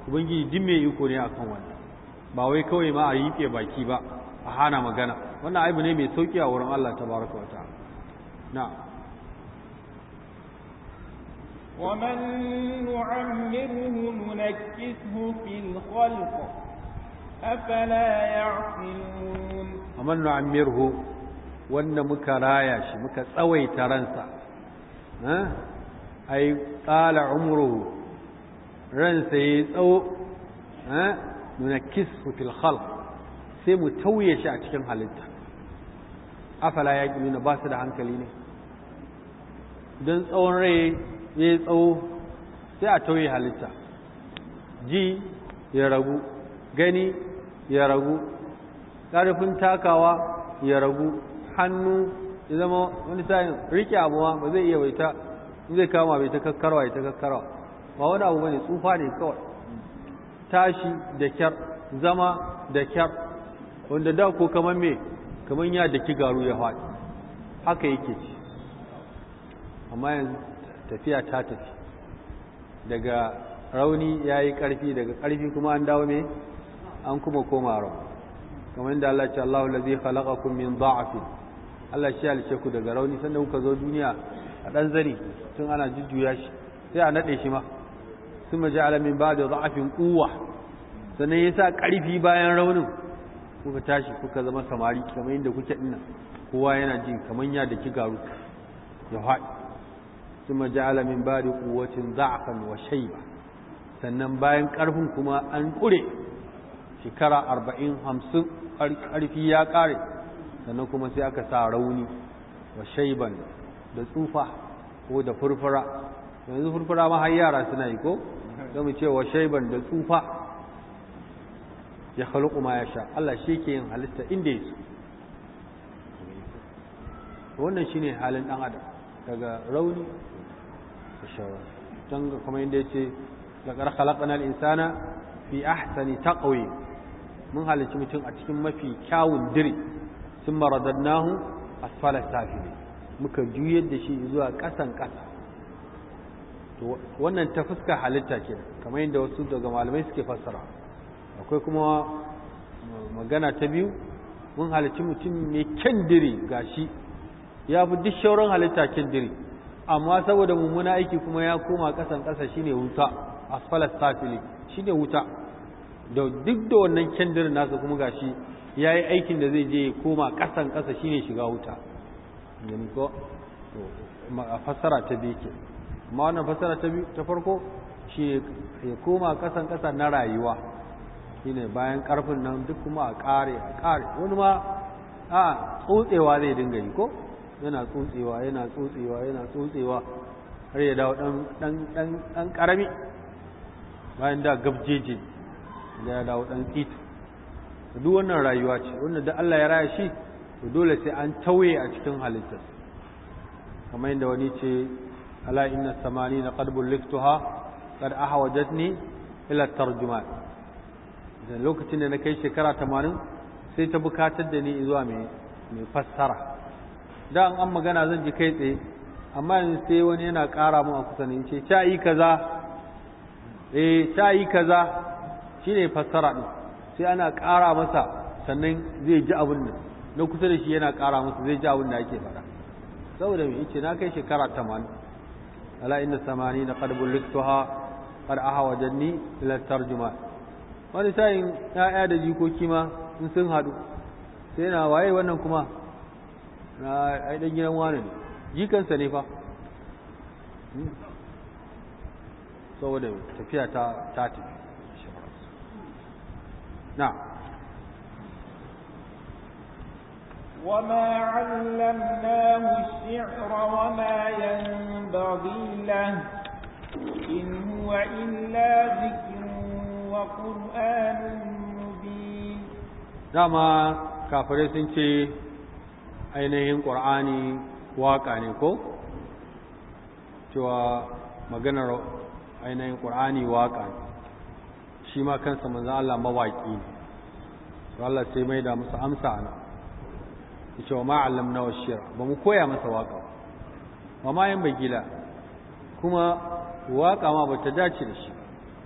ubangiji duk mai iko ne akan wannan ba wai kawai ma a yi ke baki ba a hana magana wannan aibu ne mai sauki a wurin Allah ta wa wata. Na. ومن نعمره ننكسه في الخلق أفلا يعقلون ومن نعمره وأن مكراياش مكسوي ترنسا أي طال عمره رنسا yi tsawo. Muna kis khalq sai mu tauye shi a cikin halitta afala ya yi ne ba su da hankali ne don tsawon rai ya tsawo sai a tauye halitta ji ya ragu gani ya ragu ƙarfin takawa ya ragu hannu ya zama wani sa'in riƙe abuwa ba zai iya waita zai kama bai ta kakkarwa ya ta kakkarwa ba wani abu bane tsufa ne kawai tashi da kyar zama da kyar wanda da ko kamar me kamar ya daki garu ya faɗi haka yake ci amma yanzu tafiya ta tafi daga rauni ya yi ƙarfi daga ƙarfi kuma an dawo me an kuma koma rauni kamar yadda Allah ce Allahu lazi khalaqakum min da'afin Allah shi halice ku daga rauni sannan kuka zo duniya a ɗan zani tun ana jujjuya shi sai a naɗe shi ma ثم alamin ba da za'afin kuwa sannan ya sa ƙarfi bayan raunin kuka tashi kuka zama samari kamar yadda kuke ina kowa yana jin kamar yadda ki garu ya haɗi kuma alamin ba da kuwacin da'fan wa ba sannan bayan ƙarfin kuma an ƙure shekara arba'in hamsin ƙarfi ya ƙare sannan kuma sai aka sa rauni wa shaiban da tsufa ko da furfura yanzu furfura ma har yara suna yi ko ce cewa shaiban da tsufa ya haluku ma ya sha Allah shi ke yin halitta inda ya su wannan shi ne halin ɗan adam daga rauni da shawar don kuma inda ya ce laƙar halaƙanar insana fi ahsani ta ƙauye mun halarci mutum a cikin mafi kyawun diri sun maradar nahu asfalar ne muka juyar da shi zuwa ƙasan ƙasa to wannan ta fuska halitta ke kamar yadda wasu daga malamai suke fassara akwai kuma uh, magana ta biyu mun halicci mutum mai kyandiri gashi ya fi duk shauran halitta kyandiri amma saboda mummuna aiki kuma ya koma kasan kasa ne wuta asfalas safili ne wuta da duk da wannan kyandirin nasa kuma gashi ya yi aikin da zai je koma kasan kasa ne shiga wuta a fassara ta biyu amma wannan fasara ta biyu ta farko shi ya koma kasan kasa na rayuwa Shi ne bayan karfin nan duk kuma a kare a kare wani ma a tsotsewa zai dinga yi ko yana tsotsewa yana tsotsewa yana tsotsewa har ya dawo dan karami bayan da gabjeje da ya dawo dan titi duk wannan rayuwa ce wannan da Allah ya raya shi to dole sai an tauye a cikin halittar. kamar yadda wani ce ألا إن الثمانين قد بلغتها قد أحوجتني إلى الترجمان إذن لو كنت أنا كي شكرا kai shekara tamanin, sai من فسرة da an an magana zan ji kai tsaye amma yanzu sai wani yana ƙara mun a kusanin ce ta yi kaza eh ta yi kaza fassara sai ana ƙara masa sannan zai ji abin nan na kusa da shi yana ƙara masa zai ji abin da ake faɗa saboda mai ce na kai shekara 80 ala inna samanina qad bulliktuha wajen ni lantar tarjuma wani sayin ya'ya da jikoki ma in sun hadu sai na waye wannan kuma na ai dan gidan wani ne jikansa ne fa saboda tafiya ta ta tafi na وما علمناه السحر وما ينبغي له إن هو إلا ذكر وقرآن مبين دعما كافر سنتي ainihin ƙur'ani waƙa ne ko? cewa maganar ainihin ƙur'ani waƙa ne shi ma kansa manzan Allah mawaƙi ne Allah sai mai da musu amsa ana yace wa ma allamna washira ba mu koya masa waka Ba ma yan bagila kuma waka ma bata dace da shi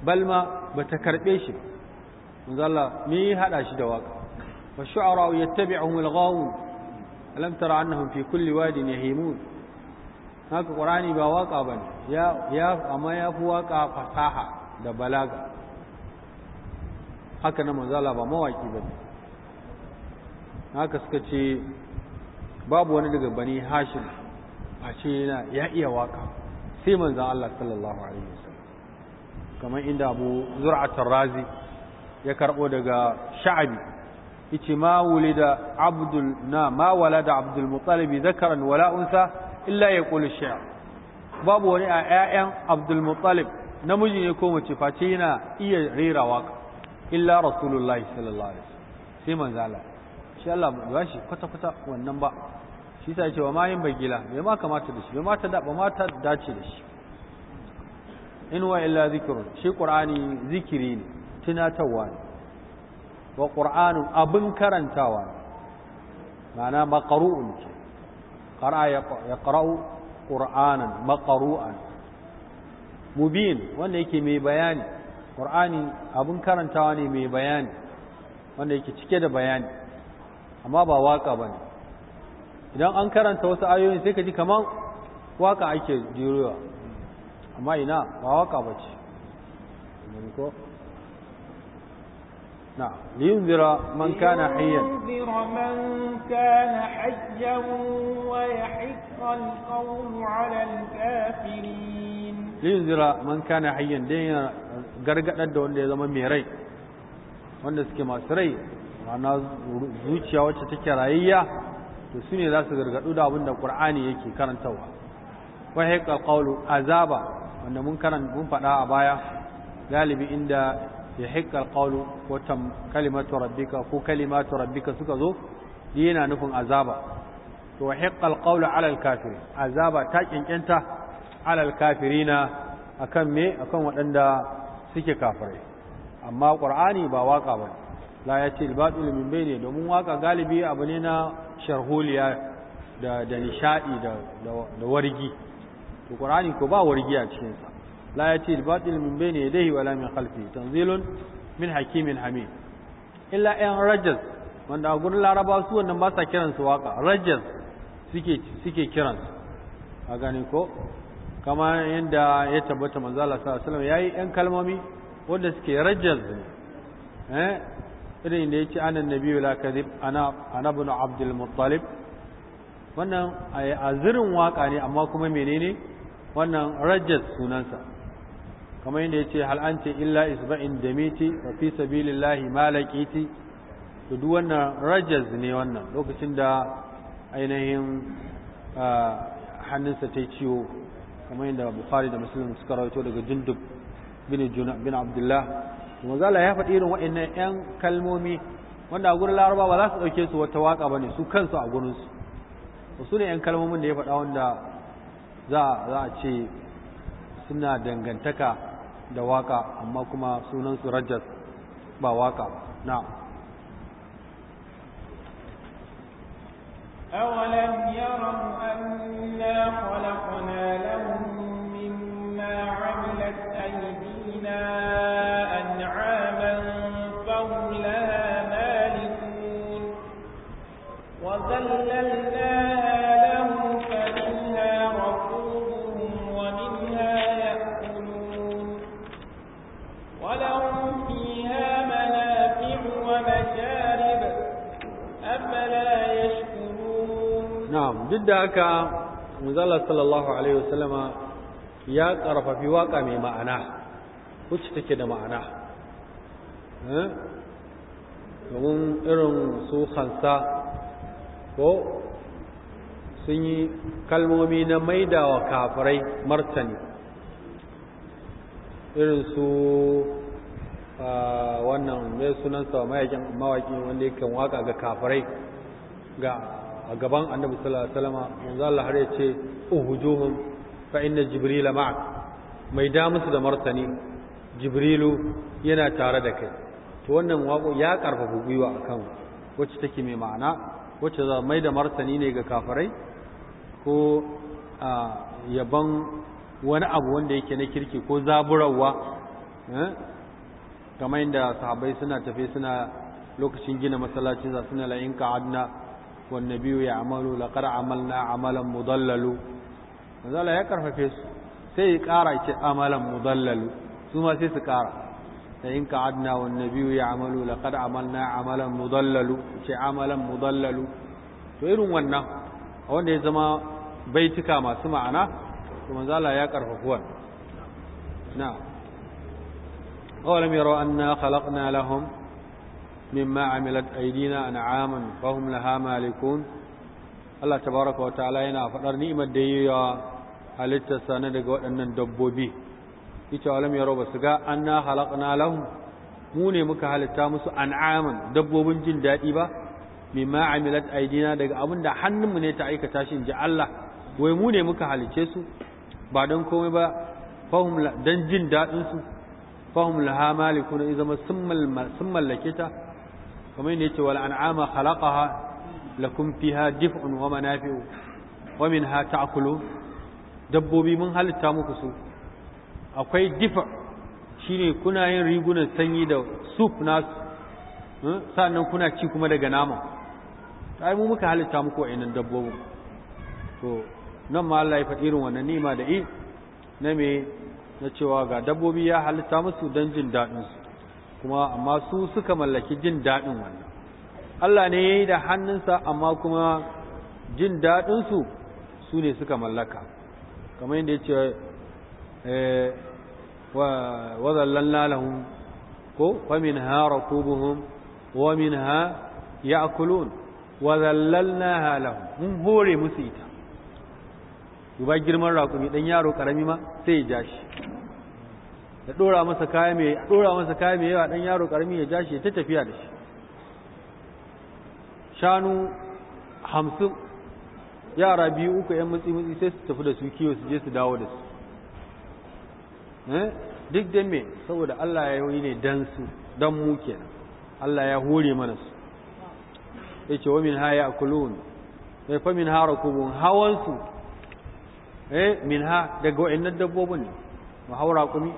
balma bata karbe shi manzo Allah me hada shi da waka wa shu'ara yattabi'uhum al-ghawun alam tara annahum fi kulli wadin yahimun haka qur'ani ba waka ba ya ya amma ya fi waka fasaha da balaga haka na ba Allah ba mawaki haka suka ce babu wani daga bani hashim ce yana ya iya waka sai manzan Allah sallallahu alaihi wasallam kamar inda abu zura'atar razi ya karbo daga sha'abi yace ma wulida abdul na ma da abdul muttalib zakaran wala unsa illa yaqulu sha'a babu wani a ƴaƴan abdul muttalib namiji ne ko mace face yana iya rera waka illa rasulullahi sallallahu alaihi wasallam sai manzan Allah shi Allah ba shi kwata kwata wannan ba shi sai cewa ma yin bagila bai ma kamata da shi bai ma ta da ba ma ta dace da shi in wa illa zikrun shi qur'ani zikiri ne tunatarwa ne wa qur'anun abin karantawa ne ma'ana maqru'un ce qara'a yaqra'u qur'anan maqru'an mubin wanda yake mai bayani qur'ani abin karantawa ne mai bayani wanda yake cike da bayani amma ba waka ba ne idan an karanta wasu ayoyin sai ka ji kamar waka ake jirowa amma ina ba waka ba ce نعم لينذر من كان حيا لينذر من كان حيا ويحق القول على الكافرين لينذر من كان حيا دين غرغدد wanda ya zama mai rai wanda suke masu rai ma'ana zuciya wacce take rayayya to su ne za su gargadu da abin da ƙur'ani yake karantarwa wa haika qawlu azaba wanda mun faɗa a baya galibi inda ya haƙa ƙaulu ko kalimatu rabbika ko kalimatu rabbika suka zo yana nufin azaba to wa haƙa ƙaulu alal kafiri azaba ta kinkenta alal kafiri na akan me akan waɗanda suke kafirai amma ƙur'ani ba waka ba. la ya ce albatul min ne domin waka galibi abu ne na sharholiya da nishadi da wargi to ƙorani ko ba wargi a cikinsa la ya ce albatul min ne dai wala min khalfi tanzilun min hakimin hamid illa an rajas wanda a gurin laraba su wannan ba sa kiransu waka rajas suke kiransu a ganin ko kama yadda ya tabbata manzala Allah ya yi yan kalmomi wanda suke rajas. irin da ya ce anan nabi la ana wannan a zirin waka ne amma kuma menene wannan rajas sunansa kamar yadda ya ce hal'ance illa isba'in damiti wa fi sabilillahi malakiti to duk wannan rajas ne wannan lokacin da ainihin hannunsa ta ciwo kamar yadda bukhari da musulun suka rawaito daga jindub bin bin abdullah Wanzala ya faɗi irin waɗannan ƴan kalmomi wanda a gurin laraba ba za su ɗauke su wata waƙa ba ne su kansu a gurinsu su ne ƴan kalmomin da ya faɗa wanda za a ce suna dangantaka da waƙa amma kuma su rajas ba waƙa na'am أولم يروا أنا خلقنا لهم مما عملت أيديهم فينا أنعاما فهم لها مالكون وذللناها لهم فمنها ركوبهم ومنها يأكلون ولهم فيها منافع ومشارب أفلا يشكرون نعم sallallahu alaihi wasallama ya karfafi waka mai ma'ana wacce take da ma'ana eh? domin irin su hansa ko sun yi kalmomi na maidawa kafirai martani irin su wannan mai sunansa mayakin mawaki wanda yake waka ga kafirai ga a gaban annabi sallallahu alaihi wasallam yanzu Allah har ya ce uhujuhum fa inna jibrila ma'a mai da musu da martani jibrilu yana tare da kai to wannan waƙo ya karfafa gwiwa akan wacce take mai ma'ana wacce za mai da martani ne ga kafirai ko yaban wani abu wanda yake na kirki ko zaburawa eh? kamar yadda sahabai suna tafe suna lokacin gina masallaci za suna la'in ka'adna wanne biyu ya amalu laƙar amalna amalan mudallalu manzala ya karfafe su sai ya ƙara ce amalan mudallalu su ma sai su kara da in ka adna wa nabiyu ya amalu laqad amalna amalan mudallalu ce amalan mudallalu to irin wannan wanda ya zama baituka masu ma'ana to manzo Allah ya karfafu wannan na'am awalam yaraw anna khalaqna lahum mimma amilat aydina an'aman fahum laha malikun Allah tabaraka wa ta'ala yana faɗar ni'imar da yi wa halittarsa na daga waɗannan dabbobi yace alam yaro basu ga anna halaqna lahum mu ne muka halitta musu an'aman dabbobin jin daɗi ba mimma amilat aidina daga abinda da hannunmu ne ta aikata shi in ji Allah wai mu ne muka halice su ba don komai ba fahum dan jin daɗin su fahum laha malikuna in zama sun mallake ta kamar ne yace wal an'ama khalaqaha lakum fiha dif'un wa manafi'u wa minha ta'kulun dabbobi mun halitta muku su akwai difa shi ne kuna yin rigunan sanyi da soup na hmm? sannan kuna ci kuma daga nama ta yi muka halitta muku inan dabbobin to nan ma Allah ya faɗi irin wannan nima da i na me na cewa ga dabbobi ya halitta musu don jin daɗin su kuma amma su suka mallaki jin daɗin wannan Allah ne ya yi da hannunsa amma kuma jin daɗinsu su su ne suka mallaka kamar yadda ya ce وذللنا لهم ومنها ركوبهم ومنها يأكلون وذللناها لهم من هوري مسيتا yuba girman rakumi dan yaro karami ma sai ya jashi da dora masa kaya mai yawa dan yaro karami ya jashi ta tafiya da shi shanu hamsin yara biyu uku yan mutsi mutsi sai su tafi da su kiwo su je su dawo da su Eh? duk da me saboda Allah ya yi ne dan su dan mu kenan Allah ya hore mana su ya ce wa min kulu wani eh, sai fa min ha hawan su eh min ha daga wayannan dabbobin ne mu haura kumi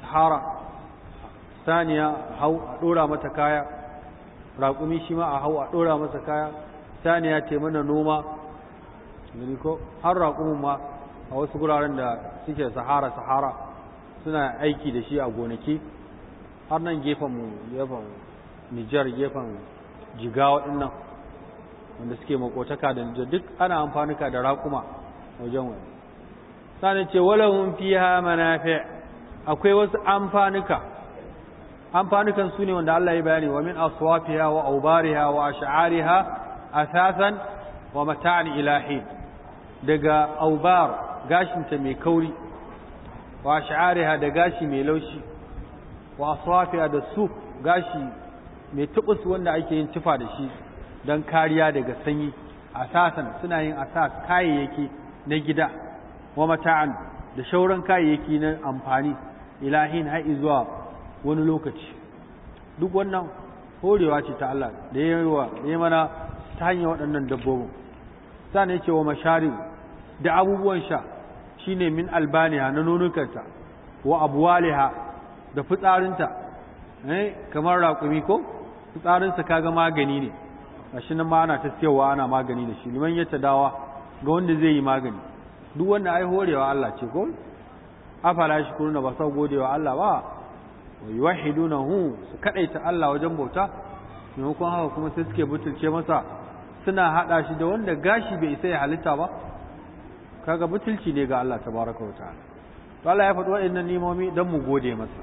sahara saniya hau a dora mata kaya raƙumi shi ma a hau a dora masa kaya saniya ce mana noma ko har raƙumin ma a wasu guraren da suke sahara sahara suna aiki da shi a gonaki har nan gefen mu gefen Nijar gefen Jigawa dinnan wanda suke makotaka da Nijar duk ana amfanuka da raƙuma wajen wani sanin ce walahun fiha manafi akwai wasu amfanuka amfanukan su ne wanda Allah ya bayani wa min aswafiha wa awbariha wa ash'ariha asasan wa mata'an ilahi daga awbar gashinta mai kauri wa sha'ariha da gashi mai laushi wa da su gashi mai tubus wanda ake yin tufa da shi don kariya daga sanyi asasan suna yin asas kayayyaki na gida wa mata'an da shauran kayayyaki na amfani ilahin har zuwa wani lokaci duk wannan horewa ce ta Allah da ya yi da yi mana ta hanyar waɗannan dabbobin ne yake wa mashari da abubuwan sha Shi ne min albaniya na nunukanta wa abuwaliha da fitsarinta eh kamar raƙumi ko fitsarinsa kaga magani ne shi nan ma ana ta siyarwa ana magani da shi liman ya dawa ga wanda zai yi magani duk wanda ai horewa Allah ce ko afala shi kuruna ba sau godewa Allah ba wa hu? su kadaita Allah wajen bauta maimakon haka kuma sai suke butulce masa suna haɗa shi da wanda gashi bai isa ya halitta ba kaga mutulci ne ga Allah tabaraka wa ta'ala to Allah ya faɗi waɗannan nimomi don mu gode masa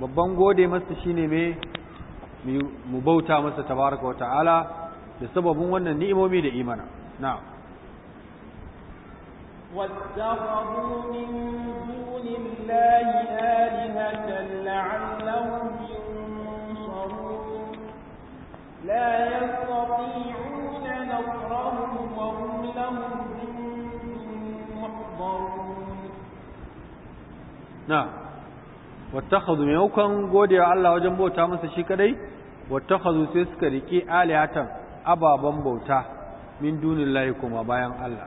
babban gode masa shine me mu bauta masa tabaraka wa ta'ala da sababin wannan ni'imomi da imana na'am واتخذوا من دون الله آلهة لعلهم ينصرون لا يستطيعون نصرهم وهم لهم يحضرون نعم mai maimakon godiya Allah wajen bauta masa shi kadai wattakhadhu sai suka rike alihatan ababan bauta min dunillahi kuma bayan Allah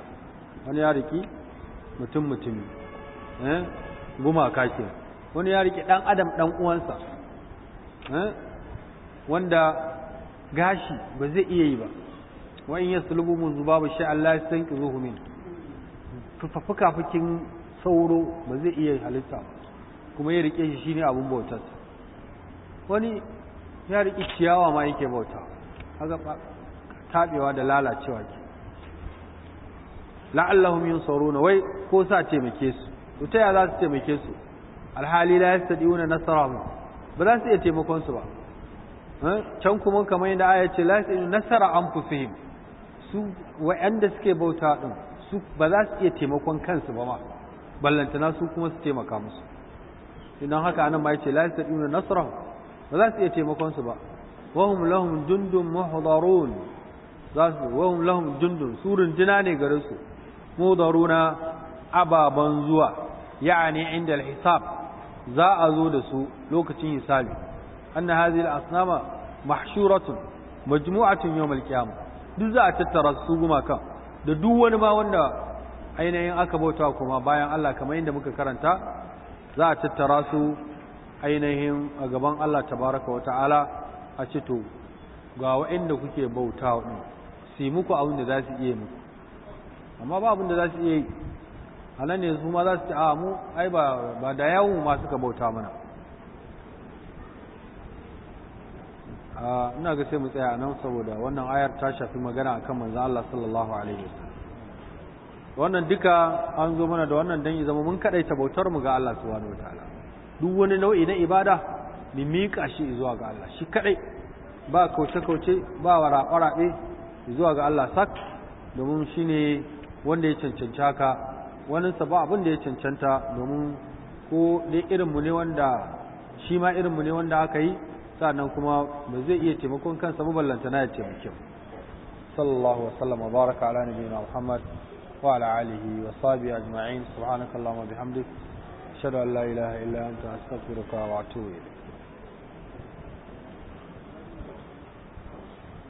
wani ya rike mutum mutumi eh guma ke wani ya rike dan adam dan uwansa eh wanda gashi ba zai iya yi ba wa in yaslubu zubabu sha'an la yastanqizuhu min fukafukin sauro ba zai iya halitta ba kuma ya rike shi shine abin bautar wani ya rike ciyawa ma yake bauta haka tabewa da lalacewa ke la'allahum yunsaruna wai ko sa taimake su to ta ya za su taimake su alhali la yastadiuna mu, ba za su iya taimakon su ba eh, can kuma kamar yadda aya ce la yastadiuna nasara anfusihim su wa'anda suke bauta din su ba za su iya taimakon kansu ba ma ballantana su kuma su taimaka musu idan haka anan ma yace la yastadimuna nasra ba za su iya taimakon su ba wahum lahum jundun muhdarun za su hum lahum jundun su runduna ne gare su muhdaruna ababan zuwa yani inda alhisab hisab za a zo da su lokacin hisabi anna hadhihi al-asnama mahshuratun majmu'atun yawm al-qiyamah duk za a tattara su kan. da duk wani ba wanda ainihin aka bauta kuma bayan Allah kamar yadda muka karanta za a tattara su ainihin a gaban Allah tabaraka wa ta'ala a cito, to ga da kuke bauta din su muku abin da za su iya muku amma ba abin da za su iya yi a nan ne su ma za su ci a mu ai ba da yawon ma suka bauta mana ina ga sai mu tsaya nan saboda wannan ayar ta shafi magana akan manzon Allah sallallahu alaihi wasallam wannan duka an zo mana da wannan dan zama mun kadaita bautar mu ga Allah subhanahu wataala duk wani nau'i na ibada mu mika shi zuwa ga Allah shi kadai ba kauce kauce ba waraɓe zuwa ga Allah sak domin shine wanda ya cancanci haka wannan sa ba abin da ya cancanta domin ko dai irin mu ne wanda shi ma irin mu ne wanda aka yi sannan kuma ba zai iya taimakon kansa ba ballanta na ya taimake sallallahu wa sallam wa baraka ala nabiyina muhammad wa ala alihi wa sahbihi ajma'in subhanakallahumma bihamdik ashhadu an la ilaha illa anta astaghfiruka wa atubu ilayk